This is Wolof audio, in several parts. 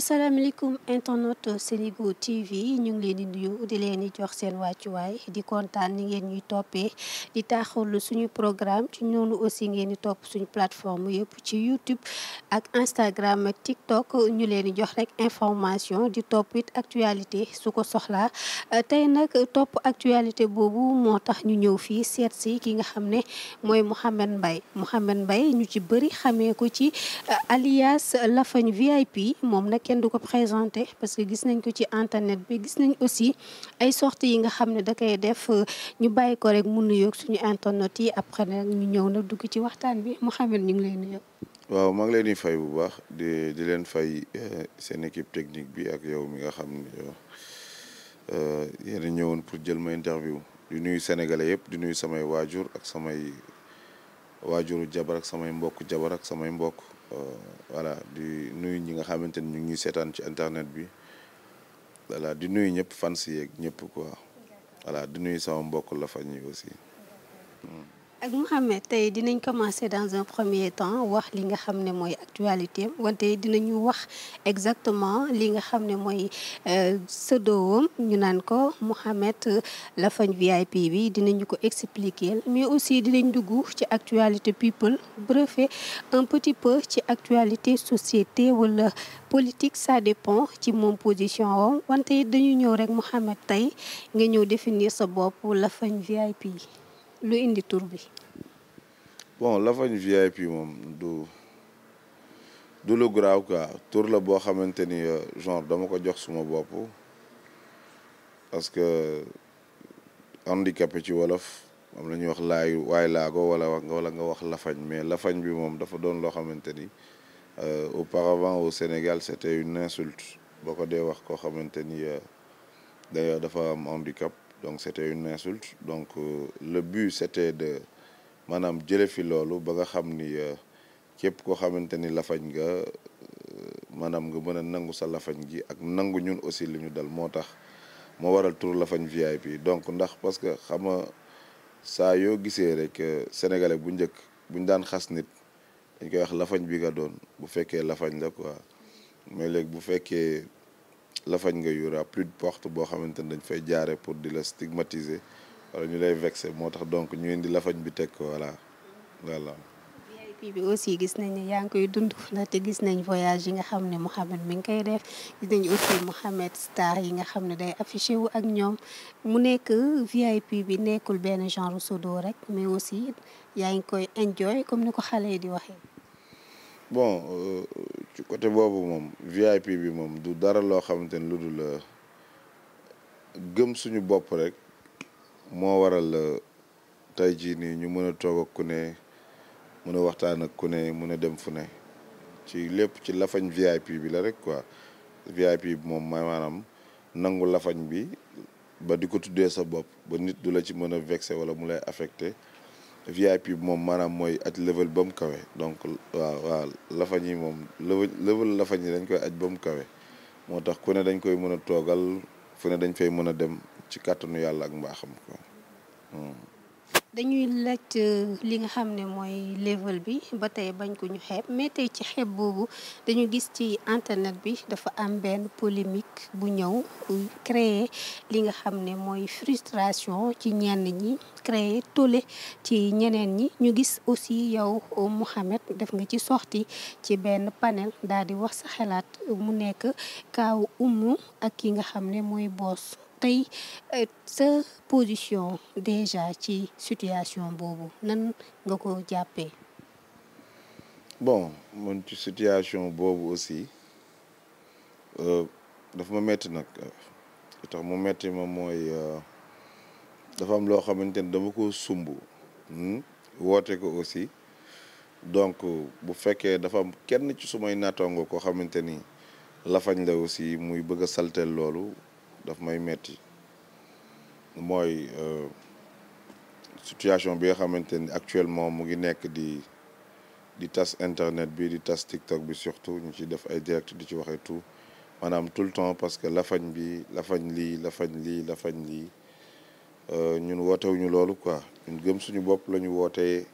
asalaamaaleykum internet Sénégo TV ñu ngi leen di nuyu di leen di jox seen wàccuwaay di kontaan ni ngeen ñuy toppee di taaxul suñu programme ci noonu aussi ngeen di topp suñu plateforme yëpp ci YouTube ak Instagram ak TikTok ñu leen di jox rek information di topp it actualité su ko soxla tey nag topp actualité boobu moo tax ñu ñëw fii seet si ki nga xam ne mooy Mouhamed Mbaye Mouhamed mbay ñu ci bëri xamee ko ci alias Lafagne VIP moom nag. kenn du ko présenté parce que gis nañ ko ci internet bi gis nañ aussi ay sorties yi nga xam ne dakay def ñu bàyyi ko rek mun mu nuyoog suñu internet yi après nag ñu ñëw nag dugg ci waxtaan bi Mouhamed ñu ngi lay nuyoo. waaw maa leen di fay bu baax di di leen fay eh, seen équipe technique bi ak yow mi xam ne eh, yéen ñëwoon pour jël ma interview di nuyu sénégalais yëpp di nuyu samay waajur ak samay waajuru jabar ak samay mbokk jabar ak samay mbokk Euh, voilà di nuyu ñi nga xamante ni ñu ngi seetaan ci internet bi voilà di nuyu ñëpp fans yeeg ñëpp quoi voilà di nuyu sama mbokk la fa ñi aussi. ak Mouhamed tey dinañ commencer dans un premier temps wax li nga xam ne mooy actualité am wante dinañu wax exactement li nga xam ne mooy euh, sëddoowam ñu naan ko Mouhamed Lafagne VIP bi dinañu ko expliquer mais aussi dinañ dugg ci actualité people bref un petit peu ci actualité société wala politique ça dépend ci moom position wam wante dañu ñëw rek Mouhamed tey nga ñëw définir sa bopp Lafagne VIP. lu indi tur bi. bon Lafagne VIP moom du du lu grave quoi tur la boo xamante ni euh, genre dama ko jox suma bopp parce que handicapé ci wolof moom la ñuy wax laay waay laago wala wala nga wax lafañ mais lafañ bi moom dafa doon loo xamante ni euh, auparavant au Sénégal c'était une insulte boo ko dee wax koo xamante ni euh, d'ailleurs dafa am handicap. donc c'était une insulte donc euh, le but c'était de maanaam jële fi loolu ba nga xam ni euh, képp koo xamante ni lafañ nga euh, maanaam nga mën a nangu sa lafañ gi ak nangu ñun aussi li ñu dal moo tax moo waral tur lafañ VIP donc ndax parce que xam nga saa yoo gisee rek sénégalais bu njëkk buñ daan xas nit dañ koy wax lafañ bi nga doon bu fekkee lafañ la quoi mais léegi bu fekkee lafañ nga yura plus de porte boo xamante ne dañ fay jaare pour di la stigmatiser wala ñu lay vexé moo tax donc ñu indi lafañ bi teg ko voilà voilà. VIP bi aussi gis nañ ne yaa ngi koy dund te gis nañ voyage yi nga xam ne Mouhamed mi ngi koy def gis nañ aussi Mouhamed star yi nga xam ne day affiché wu ak ñoom mu nekk VIP bi nekkul benn genre sodo rek mais aussi yaa ngi koy enjoy comme ni ko xale yi di waxee. Euh, ci côté boobu moom VIP bi moom du dara loo xamante ni lu dul euh, gëm suñu bopp rek moo waral euh, tey jii nii ñu mën a toog ak ku ne mën a waxtaan ak ku ne mën a dem fu ne ci lépp ci lafañ VIP bi la rek quoi VIP bi moom may maanaam nangu lafañ bi ba di ko tuddee sa bopp ba nit du la ci mën a vexé wala mu lay affecté VIP moom maanaam mooy aj level ba mu kawe donc waaw waaw lafañ yi moom level level lafañ yi dañ koy aj ba mu kawe moo tax ku ne dañ koy mën a toogal fu ne dañ fay mën a dem ci kàttanu yàlla ak mbaaxam ko dañuy laaj li nga xam ne mooy level bi ba tey bañ ko ñu xeeb mais tey ci xeeb boobu dañu gis ci internet bi dafa am benn polémique bu ñëw créer li nga xam ne mooy frustration ci ñenn ñi créer tollé ci ñeneen ñi ñu gis aussi yow Mouhamed def nga ci sorti ci benn panel daal di wax sa xalaat mu nekk kaaw umu ak ki nga xam ne mooy boos tey euh, sa position déjà ci situation boobu nan nga ko jàppee. bon man ci situation boobu aussi euh, dafa ma metti nag li tax mu metti ma mooy euh, dafa am loo xamante ni dama ko sumb hmm? woote ko aussi donc bu fekkee dafa am kenn ci sumay naataango koo xamante ni lafañ la aussi muy bëgg a saltel loolu. daf may metti mooy euh, situation bi nga xamante ni actuellement mu ngi nekk di di tas internet bi di tas TikTok bi surtout ñu ci def ay direct di ci waxee tout maanaam tout le temps parce que lafañ bi lafañ lii lafañ lii lafañ lii euh, ñun wootewuñu loolu quoi ñun gëm suñu bopp la ñu wootee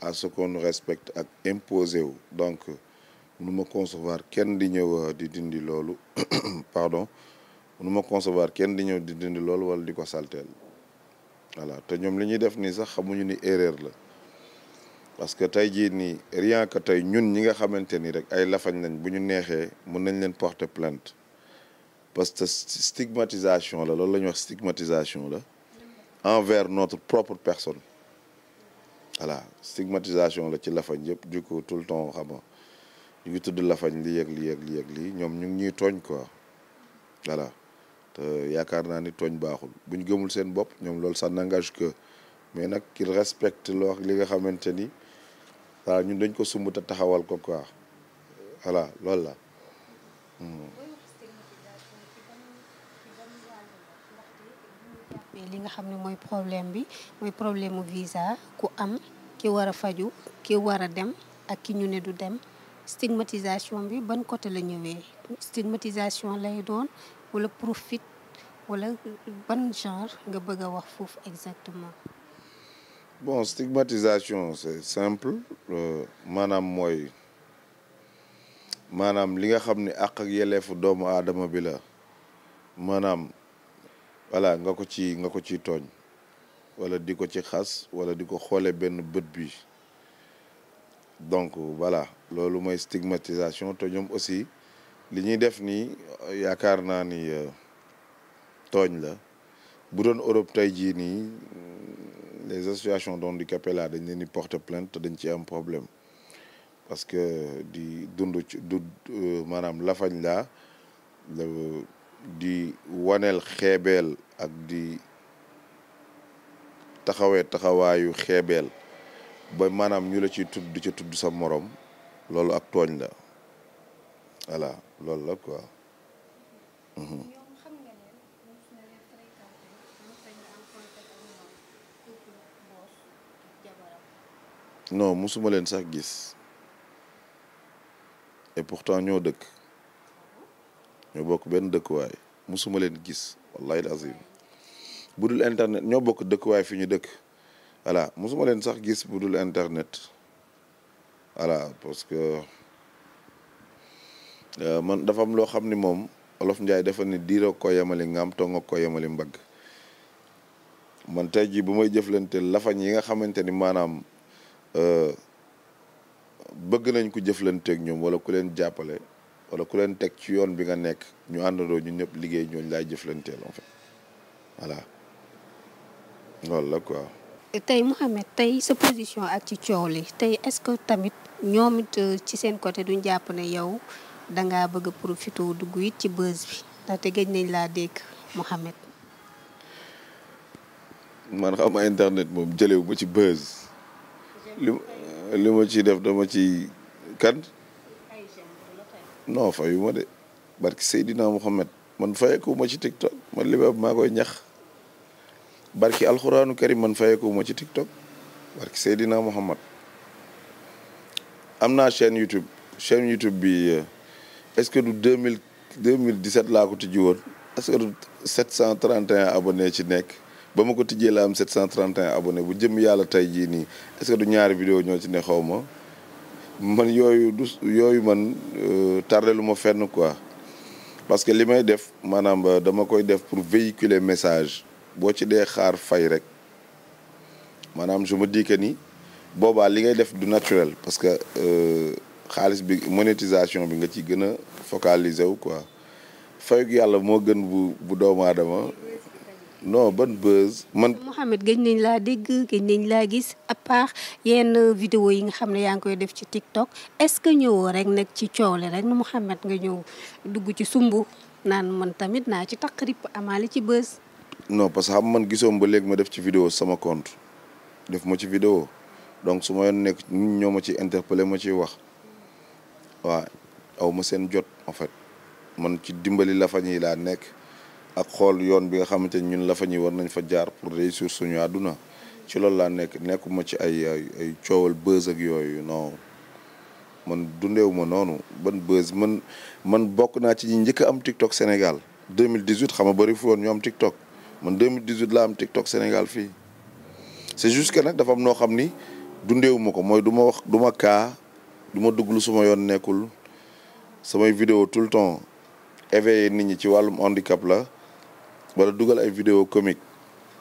à ce respect ak imposé wu donc nu ma concevoir kenn di ñëw euh, di dindi loolu pardon mënu ma concevoir kenn di ñëw di dindi loolu wala di ko salteel voilà te ñoom li ñuy def nii sax xamuñu ni erreur la parce que tey ji nii rien tey ñun ñi nga xamante ni rek ay lafañ lañ bu ñu neexee mun nañ leen porter plainte parce que stigmatisation la loolu la ñuy wax stigmatisation la envers notre propre personne voilà stigmatisation la ci lafañ yëpp du ko tout le temps xam ñu ngi tudd lafañ li yëg li yëg li ñoom ñu ngi ñuy tooñ quoi voilà te yaakaar naa ni tooñ baaxul bu ñu gëmul seen bopp ñoom loolu ça n'engage que mais nag qu'il respect loo li nga xamante ni waaw ñun dañ ko sumb taxawal ko quoi voilà loolu la. li nga xam ne mooy problème bi mooy problème mu visa ku am ki war a faju ki war a dem ak ki ñu ne du dem stigmatisation bi ban côté la ñëwee stigmatisation lay doon wala profit wala ban genre nga bëgg a wax foofu exactement. bon stigmatisation c'est simple euh, maanaam mooy maanaam li nga xam ni àq ak yelleefu doomu aadama bi la maanaam voilà nga ko ci nga ko ci tooñ wala di ko ci xas wala di ko xoole benn bët bi donc voilà loolu mooy stigmatisation toñoom aussi. li ñuy def nii yaakaar naa ni euh, tooñ la bu doon Europe tey jii nii les associations d'handicapés là dañ leen di porter plainte te dañ ci am problème parce que di dund ci du euh, maanaam lafañ laa di waneel xeebeel ak di taxawee taxawaayu xeebeel ba maanaam ñu la ci tudd ci tudd sa moroom loolu ak tooñ la voilà loolu la ko mm-hmm. non musuma leen sax gis et pourtant ñoo dëkk ñoo bokk benn dëkkuwaay musuma leen gis wallahi azim bu dul internet ñoo bokk dëkkuwaay fi ñu dëkk voilà musuma leen sax gis bu dul internet voilà parce que. Euh, man dafa loo xam ni moom Olof Njaay dafa ni diiroo ko yemali ngam tonga ko yemali mbagg man tey jii bu may jëflante lafañ yi nga xamante ni maanaam euh, bëgg nañ ko jëflanteeg ñoom wala ku leen jàppale wala ku leen teg ci yoon bi nga nekk ñu àndandoo ñu ñëpp liggéey ñooñu laay jëflanteel en fait voilà loolu tey Mouhamed tey sa position ak ci coow li tey est-ce que tamit ñoom it euh, ci seen côté duñ jàpp ne yow. dangaa bëgg a profité dugg it ci bës bi ndaxte gëj nañ laa dégg Mouhamed. man xam internet moom jëlewu ma ci bës li li ma ciy def dama ci kan non fayu ma de barki Seydina Mouhamed man fayeku ma ci TikTok man li maa koy ñax barki alxuraanu karim man fayeku ma ci TikTok barki Seydina Mouhamed am naa chaîne YouTube chaîne YouTube bi. Euh, est-ce que du deux mille deux mille dix-sept laa ko tijji woon est-ce que du sept cent trente et un abonnés ci nekk ba ma ko tijjee la am sept cent trente et un abonnés bu jëm yàlla tey jii nii est-ce que du ñaari vidéo ñoo ci ne xaw man yooyu du yooyu man euh, tardé lu ma fenn quoi parce que li may def maanaam euh, dama koy def pour véhiculer message boo ci dee xaar fay rek maanaam je me ni boobaa li ngay def du naturel parce que. Euh, xaalis bi monétisation bi nga ci gën a focaliser wu quoi fayuk yàlla moo gën bu bu doomu aadama non ban buzz man. Mouhamed gëj nañ laa dégg gëj nañ laa gis à part yenn vidéo yi nga xam ne yaa ngi koy def ci TikTok est-ce que ñëwoo rek nekk ci coow li rek Mouhamed nga ñëw dugg ci sumb naan man tamit naa ci takk rip amaale ci buzz. no parce xam man gisoom ba léegi ma def ci vidéo sama contre def ma ci vidéo donc su ma yoon nekk ñoo ma ci interpellé ma ciy wax waa aw ma seen jot en fait man ci dimbali la fa laa nekk ak xool yoon bi nga xamante ni ñun la fa ñuy war nañ fa jaar pour réussir suñu àdduna ci loolu laa nekk nekkuma ci ay ay coowal buzz ak yooyu no man dundeewu ma noonu ban buzz man man bokk naa ci ñi njëkk am TikTok Sénégal 2018 xam nga bëri fu woon ñu am TikTok man 2018 laa am TikTok Sénégal fii c'est juste nag dafa am noo xam ni dundeewuma ko mooy du ma wax du ma kaa du ma dugg suma yoon nekkul samay vidéo tout le temps éveillé nit ñi ci wàllum handicap la wala dugal ay vidéo comique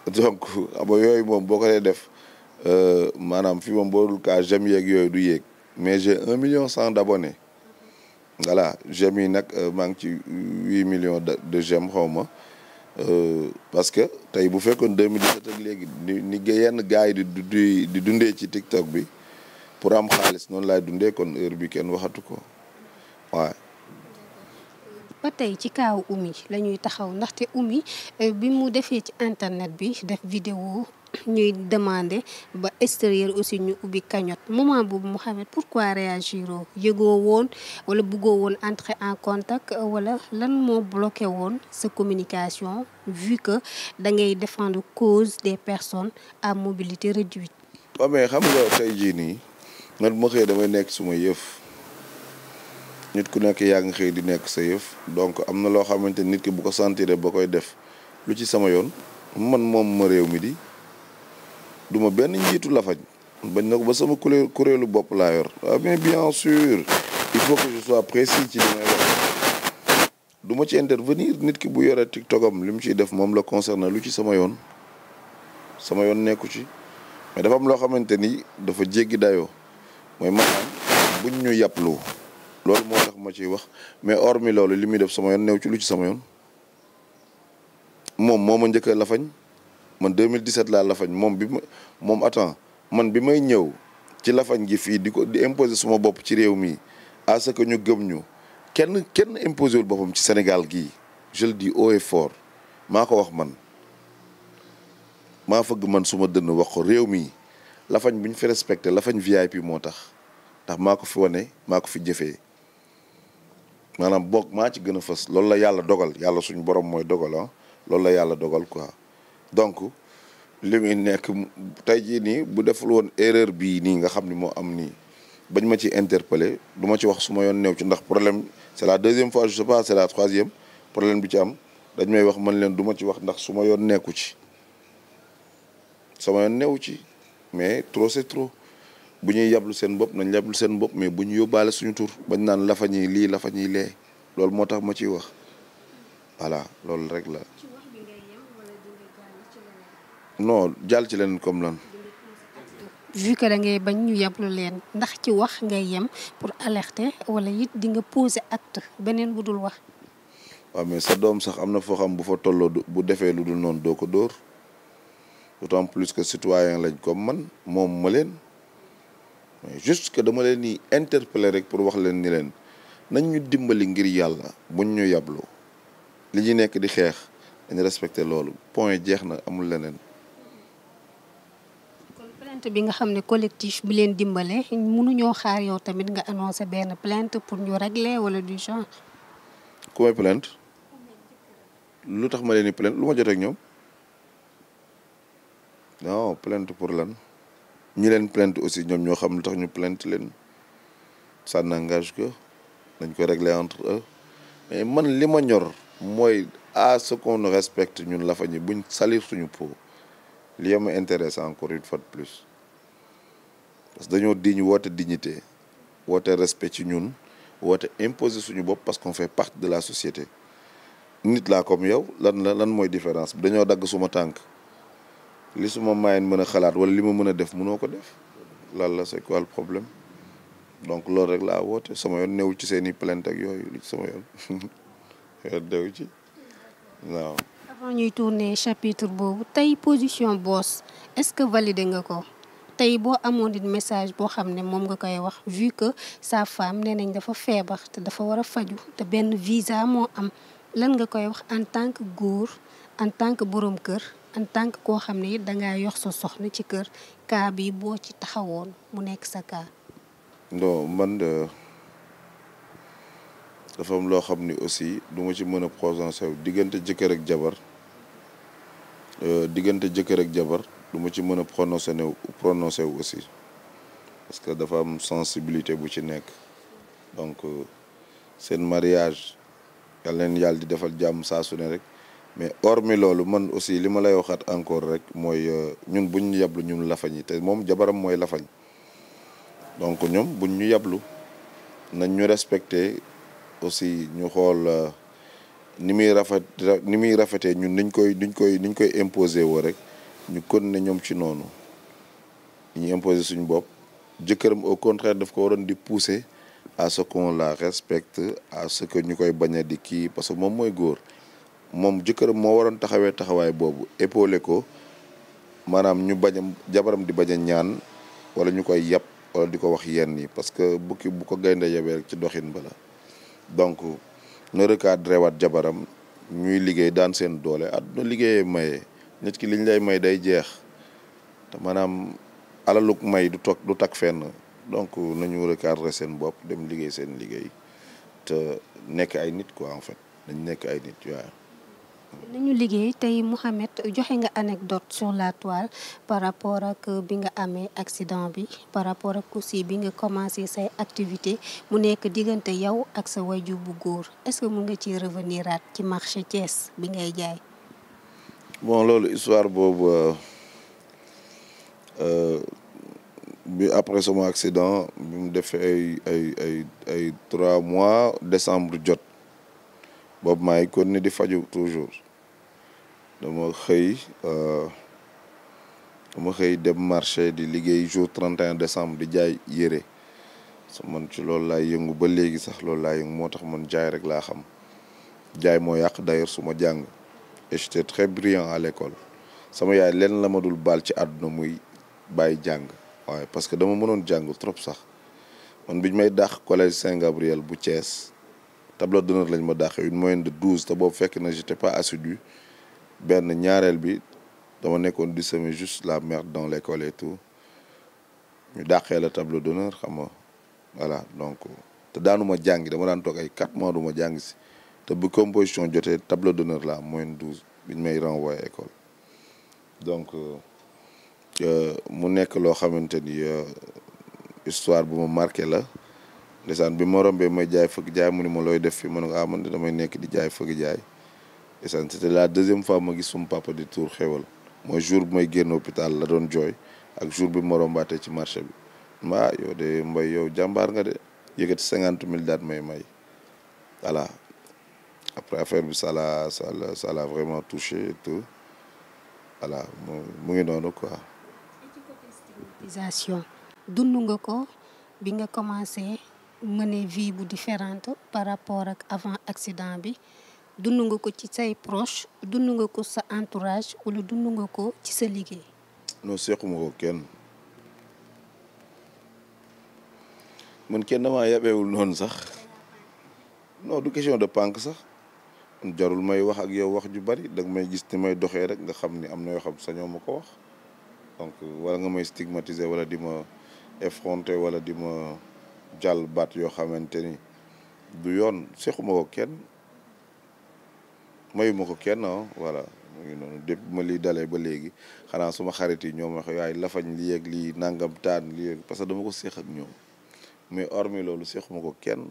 donc xam nga yooyu moom boo ko dee def euh, maanaam fi moom boo dul kaa j'aime yeeg yooyu du yéeg mais j'ai un million cent d'abonnés voilà j'aime yi nag euh, maa ngi ci huit millions de de j'aime xaw ma euh, parce que tey bu fekkoon 2017 ak léegi ni ni gars yi di di dundee ci TikTok bi pour am xaalis noonu laay dundee kon heure bi kenn waxatu ko waaye. ba tey ci kaaw Oumy la ñuy taxaw ndaxte ummi euh, bi mu defee ci internet bi def vidéo ñuy demander ba extérieur aussi ñu ubbi cagnotte moment boobu mu Mouhamed pourquoi réagiroo yëgoo woon wala bëggoo woon entrer en contact wala lan moo bloqué woon sa communication vu que da ngay cause des personnes à mobilité réduite. waaw mais xam nga tey jii nii. man bu ma xëyee damay nekk suma yëf nit ku nekk yaa ngi xëy di nekk sa yëf donc am na loo xamante nit ki bu ko sentiré ba koy def lu ci sama yoon man moom ma réew mi di duma benn njiitu lafañ bañ na ko ba sama kuréel kuréelu bopp laa yor ah, mais bien sûr il faut que je sois précis ci li wax du ci intervenir nit ki bu yore tiktokam li mu ciy def moom la concerné lu ci sama yoon sama yoon nekku ci mais dafa am loo xamante ni dafa jéggi dayoo mooy maanaam buñ ñu yàpploo loolu moo tax ma ciy wax mais hormis loolu li muy def sama yoon néew ci lu ci sama yoon moom moo ma njëkk a lafañ man 2017 laa lafañ moom bi ma moom attends man bi may ñëw ci lafañ gi fii di ko di imposer suma bopp ci réew mi à ce que ñu gëm ñu kenn kenn imposé wul boppam ci Sénégal gii jule le o haut fort maa ko wax man maa fëgg man suma dënn wax ko réew mi lafañ bu ñu fi respecté lafañ VIP moo tax maa ko fi wane maa ko fi jëfee maanaam boog maa ci gën a fës loolu la yàlla dogal yàlla suñu borom mooy dogala ah. loolu la yàlla dogal quoi donc li muy nekk tey jii nii bu deful woon erreur bii nii nga xam ni moo am nii bañ ma ci interpellé du ma ci wax su ma yoon néew ci ndax problème c'est la deuxième fois je sais pas c'est la troisième problème bi ci am dañ may wax man leen duma ci wax ndax su ma yoon nekku ci sama yoon newu ci mais trop c'est trop bu ñuy yablu seen bopp nañ yablu seen bopp mais bu ñu yóbbaale suñu tur bañ naan lafa lii lafa ñuy lee loolu moo tax ma ciy wax voilà loolu rek la. non jàll ci leen comme lan. vu que da ngay bañ ñu yablu leen ndax ci wax ngay yem pour alerter wala it di nga poser acte beneen bu dul wax. waaw mais sa doom sax am na foo xam bu fa tolloo bu defee lu dul noonu doo ko dóor d'autant plus que citoyen lañ comme man moom ma leen. mais juste que dama leen ni interpeller rek pour wax leen ni leen nañ ñu dimbali ngir yàlla buñ ñu yabloo li ñu nekk di xeex dañu respecté loolu point jeex na amul leneen. kon bi nga xam ne collectif bi leen dimbale mënuñoo xaar yow tamit nga annoncé benn plainte pour ñu régler wala du genre. ku may lu tax ma leen di lu ma jot ak ñoom non plainte pour lan. ñi leen plainte aussi ñoom ñoo xam lu tax ñu plainte leen ça n'engage dañ koy régler entre eux mais man li ma ñor mooy à ce qu'on respecte ñun la fa ñi buñ salir suñu peau li ma intéresse encore une fois plus parce que dañoo diñ woote dignité woote respect ci ñun woote imposer suñu bopp parce qu'on fait partie de la société nit laa comme yow lan la lan mooy différence bi dañoo dagg suma tànk li suma maayen mën a xalaat wala li ma mën a def mënoo ko def lan la c'est quoi problème donc loolu rek laa woote sama yoon newul ci seen i plainte ak yooyu li ci sama yoon yoon ci waaw ñuy tourner chapitre boobu tey position boss est-ce que validé nga ko tey boo amoon it message boo xam ne moom nga koy wax vu que sa femme nee nañ dafa feebar te dafa war a faju te benn visa moo am lan nga koy wax en tant que góor en tant que boroom kër en tant que koo xam ne it dangaa yox sa soxna ci kër kaa bi boo ci taxawoon mu nekk sa cas. non man dafa am loo xam ni aussi duma ci mën a prononcé diggante jëkkër ak jabar euh, diggante jëkkër ak jabar du ma ci mën a prononcé wu prononcé wu aussi parce que dafa am sensibilité bu ci nekk donc euh, seen mariage yal leen yàlla di defal jàmm saa su ne rek. mais or mi loolu man aussi li ma lay waxaat encore rek mooy euh, ñun buñ ñu yablu ñun lafañ yi te moom jabaram mooy lafañ donc ñoom buñ ñu yablu nañ ñu respecté aussi ñu xool euh, ni muy rafet ni muy rafetee ñun niñ koy niñ koy niñ koy imposer woo rek ñu kon ne ñoom ci noonu ñu imposer suñu bopp jëkkëram au contraire daf ko waroon di pousser à ce qu'on la respecte à ce que ñu koy bañ a di kii parce que moom mooy góor moom jëkkëram moo waroon taxawee taxawaay boobu épaulé ko maanaam ñu bañ a jabaram di bañ a ñaan wala ñu koy yàpp wala di ko wax yenn yi parce que bukki bu ko gaynde yebee rek ci doxin bala donc na recadré waat jabaram ñuy liggéey daan seen doole àdduna liggéeyee maye nit ki lañ lay may day jeex te maanaam alaluk may du toog du tak fenn donc nañu recadré seen bopp dem liggéey seen liggéey te nekk ay nit quoi en dañ nekk ay nit waaw nañu liggéey tey Mouhamed joxe nga anecdote sur la toile par rapport ak bi nga amee accident bi par rapport ak aussi bi nga commencé say activité mu nekk diggante yow ak sa wayju bu góor est-ce que mun nga ciy reveniraat ci marché Thiès bi ngay jaay. bon loolu histoire boobu euh, euh, bi après sama accident bi mu defee ay ay trois mois décembre jot. boobu maay kon ni di faju toujours dama xëy euh, dama xëy dem marché di liggéey jour 31 décembre di jaay yére so man ci loolu laay yëngu ba léegi sax loolu laay yëngu moo tax man jaay rek laa xam jaay moo yàq d'ailleurs su ma jàng et j'étais à l'école sama yaay lenn la ma dul baal ci àdduna muy bàyyi jàng waaye parce que dama mënoon jàng trop sax man biñ may dàq collège Saint-Gabriel bu cees tableau d'honneur lañ ma dàqee une moyenne de douze te boobu fekk na j'étais pas assidu benn ñaareel bi dama nekkoon di semer juste la merde dans l'école et tout ñu dàqee la tableau d'honneur xam nga voilà donc te daanuma jàngi dama daan toog ay quatre mois duma jàng si te bu composition jote tableau d'honneur la moyenne douze biñ may renvoyé école donc euh, euh, mu nekk loo xamante ni euh, histoire bu ma marqué la ndeysaan bi ma rombee may jaay fëgg jaay mu ne ma looy def fi ma ne ko ah man de nekk di jaay fëgg jaay ndeysaan c'était la deuxième fois ma gis suma papa di tuur xéwal mooy jour bi may génn hôpital la doon jooy ak jour bi ma rombaatee ci marché bi ma ah, yow de mbay yow jàmbaar nga de yëkkati cinquante mille daat may may voilà après affaire bi ça l'a ça vraiment touché tout voilà mu ngi noonu ko mënee vie bu différente par rapport ak avant accident bi dund nga ko ci say proche dund nga ko sa entourage wala dund nga ko ci sa liggéey. non sequma ko kenn man kenn damaa yabeewul noonu sax noo du question de pànk sax jarul may wax ak yow wax ju bari daga may gis ni may doxee rek nga xam ni am na yoo xam sañoo ma ko wax donc wala nga may stigmatiser wala di ma effronter wala di ma. jàll baat yoo xamante ni du yoon seexuma ko kenn mayuma ko kenn ah voilà mu ngi noonu dépp ma li dale ba léegi xanaa suma xarit yi ñoom wax waaye lafañ li yeeg lii nangam taan li yeeg parce que dama ko seex ak ñoom mais hormis loolu seexuma ko kenn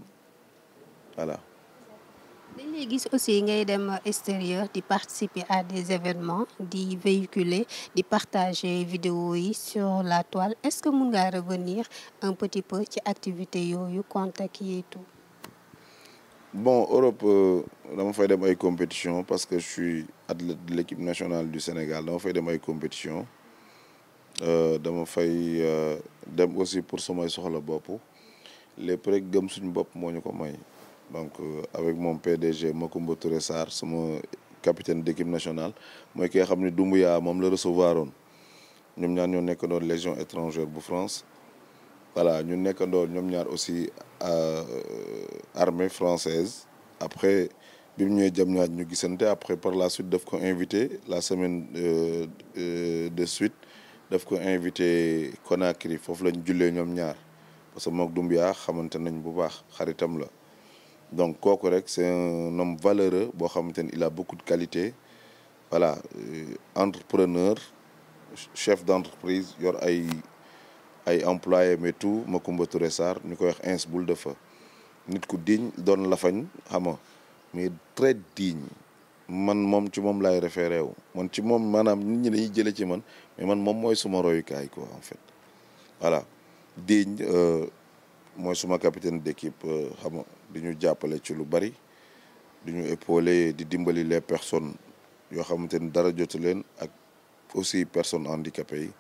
voilà dañ lay gis aussi ngay dem extérieur di participer à des événements di véhiculer di partager vidéo yi sur la toile est-ce que mun ngaa revenir un petit peu ci activité yooyu contact yi et tout. bon Europe euh, dama fay dem ay compétition parce que je suis athlète de l'équipe nationale du Sénégal dama fay dem ay compétition euh, dama fay euh, dem aussi pour samay soxla bopp lépp rek gëm suñu bopp moo ñu ko may. donc euh, avec mon PDG Macoumba Touré Sarr sama capitaine d'équipe nationale mooy ki nga xam ne Doumbouya moom la recevoir on ñoom ñaar ñoo nekk doon légion étrangère bu France voilà ñu nekk doon ñoom ñaar aussi euh, armée française après bi mu ñëwee jam ñaaj ñu gisante après par la suite daf ko invité la semaine euh, de suite def ko invité Conakry foofu lañ julee ñoom ñaar parce que mook Doumbouya xamante nañ bu baax xaritam la donc kooku rek c'est un homme valeureux boo xamante ni il a beaucoup de qualités voilà euh, entrepreneur chef d'entreprise yor ay ay employé mais tout Macoumba Touré Sarr ñu koy wax ins boule dafa nit ku digne doon lafañ xam nga mais très digne man moom ci moom lay référé wu man ci moom maanaam nit ñi dañuy jële ci man mais man moom mooy suma royukaay quoi en fait voilà digne euh, mooy suma capitaine d'équipe euh, xam nga di ñu jàppale ci lu bari di ñu épauler di dimbali les personnes yoo xamante ni dara jotu leen ak aussi personnes handicapées yi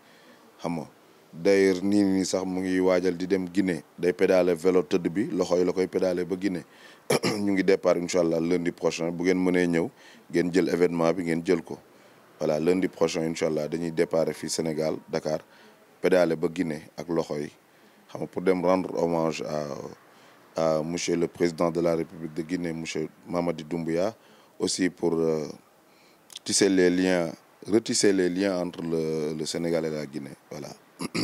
xam nga d'ailleurs nii nii sax mu ngi waajal di dem Guinée day pédale vélo tëdd bi loxo yi la koy pédale ba Guinée ñu ngi départ incha allah lundi prochain bu ngeen mënee ñëw ngeen jël événement bi ngeen jël ko voilà lundi prochain incha allah dañuy départ fii Sénégal Dakar pédale ba Guinée ak loxo yi. xam nga pour dem rendre hommage à monsieur le président de la République de Guinée monsieur Mamadi Doumbouya aussi pour euh, tisser les liens retisser les liens entre le le Sénégal et la Guinée voilà.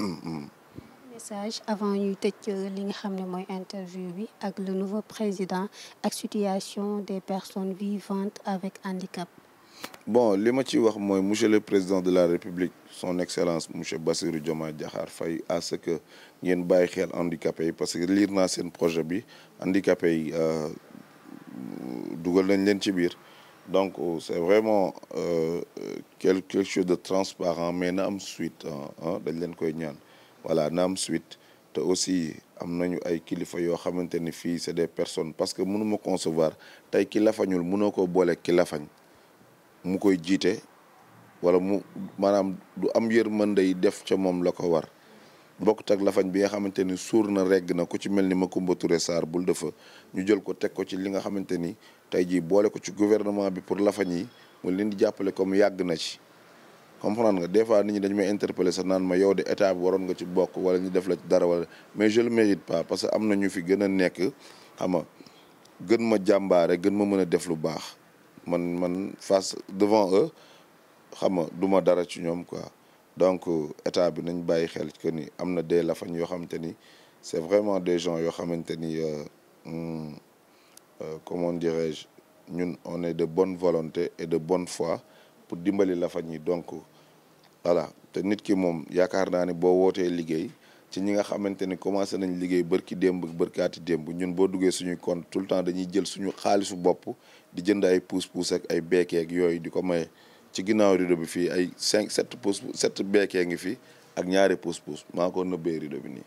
message avant ñuy tëj euh, li nga xam ne mooy interview bi ak le nouveau président ak situation des personnes vivantes avec handicap. bon li ma ci wax mooy monsieur le président de la république son excellence monsieur Bassirou Diomaye Diakhar fay à ce que ngeen bàyyi xel handicapé yi parce que liir naa seen projet bi handicapé yi euh, dugal nañ leen ci biir donc euh, c'est vraiment euh, quelque chose de transparent mais na am suite ah dañ leen koy ñaan voilà na am suite te aussi am nañu ay kilifa yoo xamante ni fii c'est des personnes parce que mënuma concevoir tey ki lafañul mënoo ko boole ki lafañ mu koy jiite wala mu maanaam du am yërmande yi def ca moom la ko war bokkut ak lafañ bi nga xamante ni suur na regg na ko ci mel ni Macoumba Touré Sarr bul dafa ñu jël ko teg ko ci li nga xamante ni tey jii boole ko ci gouvernement bi pour lafañ yi mu leen di jàppale comme yàgg na ci comprendre nga des fois nit ñi dañu may interpeller sax naan ma yow de état waroon nga ci bokk wala ñu def la dara wala mais je le mérite pas parce que am na ñu fi gën a nekk xama gën ma jàmbaare gën ma mën a def lu baax man man face devant eux xam nga du dara ci ñoom quoi donc état bi nañ bàyyi xel que ni am na des lafañ yoo xamante ni c'est vraiment des gens yoo xamante ni euh, hmm, euh, comment dirais-je ñun on est de bonne volonté et de bonne foi pour dimbali lafañ yi donc voilà te nit ki moom yaakaar naa ne boo wootee liggéey ci ñi nga xamante ni commencé nañ liggéey bërki démb bërkaati démb ñun boo duggee suñuy kon tout le temps dañuy jël suñu xaalisu bopp di jënd ay pousse-pousse ak ay beekee yooyu di ko maye ci ginnaaw rido bi fii ay cinq sept pousse sept beekee ngi fi ak ñaari pousse-pousse maa ko nëbbee rido bi nii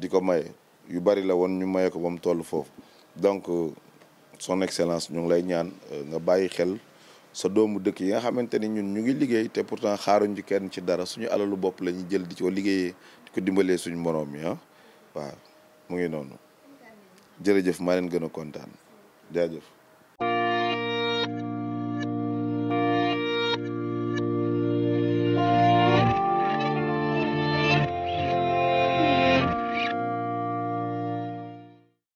di ko maye yu bari la woon ñu maye ko ba mu toll foofu donc euh, son excellence ñu ngi lay ñaan euh, nga bàyyi xel sa doomu dëkk yi nga xamante ni ñun ñu ngi liggéey te pourtant xaaruñ ci kenn ci dara suñu alalu bopp la ñuy jël di ko liggéeyee ko dimbalee suñu moroom yi ah, waaw mu ngi noonu jërëjëf ma leen gën a kontaan jaajëf